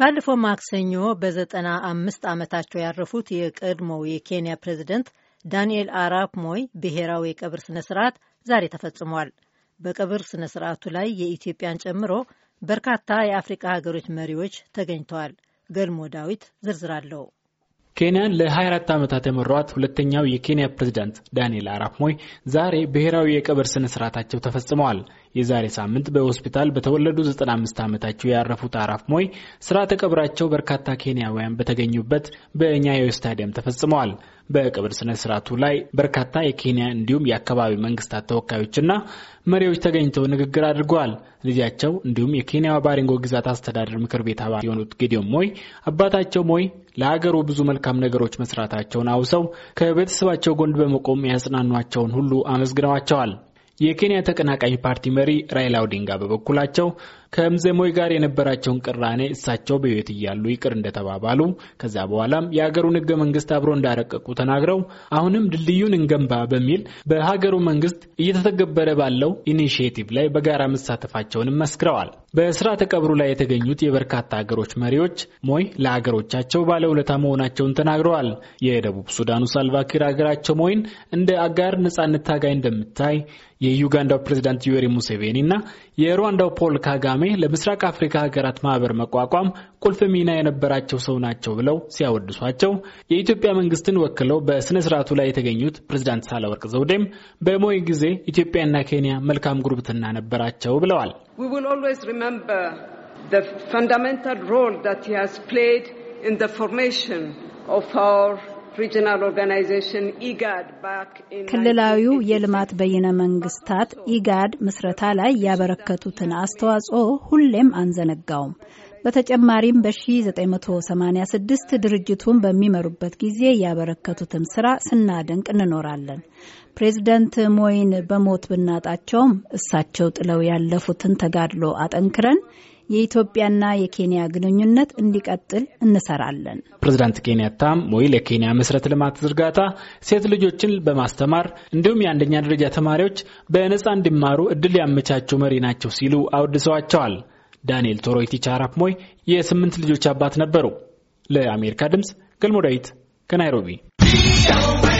ባለፈው ማክሰኞ በዘጠና አምስት ዓመታቸው ያረፉት የቀድሞው የኬንያ ፕሬዚደንት ዳንኤል አራፕ ሞይ ብሔራዊ የቀብር ስነ ስርዓት ዛሬ ተፈጽሟል። በቀብር ስነ ስርዓቱ ላይ የኢትዮጵያን ጨምሮ በርካታ የአፍሪቃ ሀገሮች መሪዎች ተገኝተዋል። ገልሞ ዳዊት ዝርዝር አለው። ኬንያን ለ24 ዓመታት የመሯት ሁለተኛው የኬንያ ፕሬዝዳንት ዳንኤል አራፕ ሞይ ዛሬ ብሔራዊ የቀብር ስነ ስርዓታቸው ተፈጽመዋል። የዛሬ ሳምንት በሆስፒታል በተወለዱ 95 ዓመታቸው ያረፉት አራፕ ሞይ ስርዓተ ቀብራቸው በርካታ ኬንያውያን በተገኙበት በኛዮ ስታዲየም ተፈጽመዋል። በቅብር ስነ ስርዓቱ ላይ በርካታ የኬንያ እንዲሁም የአካባቢ መንግስታት ተወካዮችና መሪዎች ተገኝተው ንግግር አድርገዋል። ልጃቸው እንዲሁም የኬንያ ባሪንጎ ግዛት አስተዳደር ምክር ቤት አባል የሆኑት ጌዲዮን ሞይ አባታቸው ሞይ ለሀገሩ ብዙ መልካም ነገሮች መስራታቸውን አውሰው ከቤተሰባቸው ጎን በመቆም ያጽናኗቸውን ሁሉ አመስግነዋቸዋል። የኬንያ ተቀናቃኝ ፓርቲ መሪ ራይላ ኦዲንጋ በበኩላቸው ከምዘሞይ ጋር የነበራቸውን ቅራኔ እሳቸው በህይወት እያሉ ይቅር እንደተባባሉ ከዚያ በኋላም የሀገሩን ህገ መንግስት አብሮ እንዳረቀቁ ተናግረው አሁንም ድልድዩን እንገንባ በሚል በሀገሩ መንግስት እየተተገበረ ባለው ኢኒሽቲቭ ላይ በጋራ መሳተፋቸውንም መስክረዋል። በስርዓተ ቀብሩ ላይ የተገኙት የበርካታ ሀገሮች መሪዎች ሞይ ለሀገሮቻቸው ባለውለታ መሆናቸውን ተናግረዋል። የደቡብ ሱዳኑ ሳልቫኪር ሀገራቸው ሞይን እንደ አጋር ነጻነት ታጋይ እንደምታይ፣ የዩጋንዳው ፕሬዚዳንት ዩዌሪ ሙሴቬኒ እና የሩዋንዳው ፖል ካጋሜ ፍጻሜ ለምስራቅ አፍሪካ ሀገራት ማህበር መቋቋም ቁልፍ ሚና የነበራቸው ሰው ናቸው ብለው ሲያወድሷቸው የኢትዮጵያ መንግስትን ወክለው በስነ ስርዓቱ ላይ የተገኙት ፕሬዚዳንት ሳለወርቅ ዘውዴም በሞይ ጊዜ ኢትዮጵያና ኬንያ መልካም ጉርብትና ነበራቸው ብለዋል። ሮል ት ፕሌድ ኢን ፎርሜሽን ኦፍ አወር E ክልላዊው የልማት በይነ መንግስታት ኢጋድ e ምስረታ ላይ ያበረከቱትን አስተዋጽኦ ሁሌም አንዘነጋውም። በተጨማሪም በ1986 ድርጅቱን በሚመሩበት ጊዜ ያበረከቱትን ስራ ስናደንቅ እንኖራለን። ፕሬዚደንት ሞይን በሞት ብናጣቸውም እሳቸው ጥለው ያለፉትን ተጋድሎ አጠንክረን የኢትዮጵያና የኬንያ ግንኙነት እንዲቀጥል እንሰራለን። ፕሬዚዳንት ኬንያታ ሞይል የኬንያ መሰረተ ልማት ዝርጋታ ሴት ልጆችን በማስተማር እንዲሁም የአንደኛ ደረጃ ተማሪዎች በነጻ እንዲማሩ እድል ያመቻቸው መሪ ናቸው ሲሉ አወድሰዋቸዋል። ዳንኤል ቶሮይቲቻ አራፕ ሞይ የስምንት ልጆች አባት ነበሩ። ለአሜሪካ ድምፅ ገልሞ ዳዊት ከናይሮቢ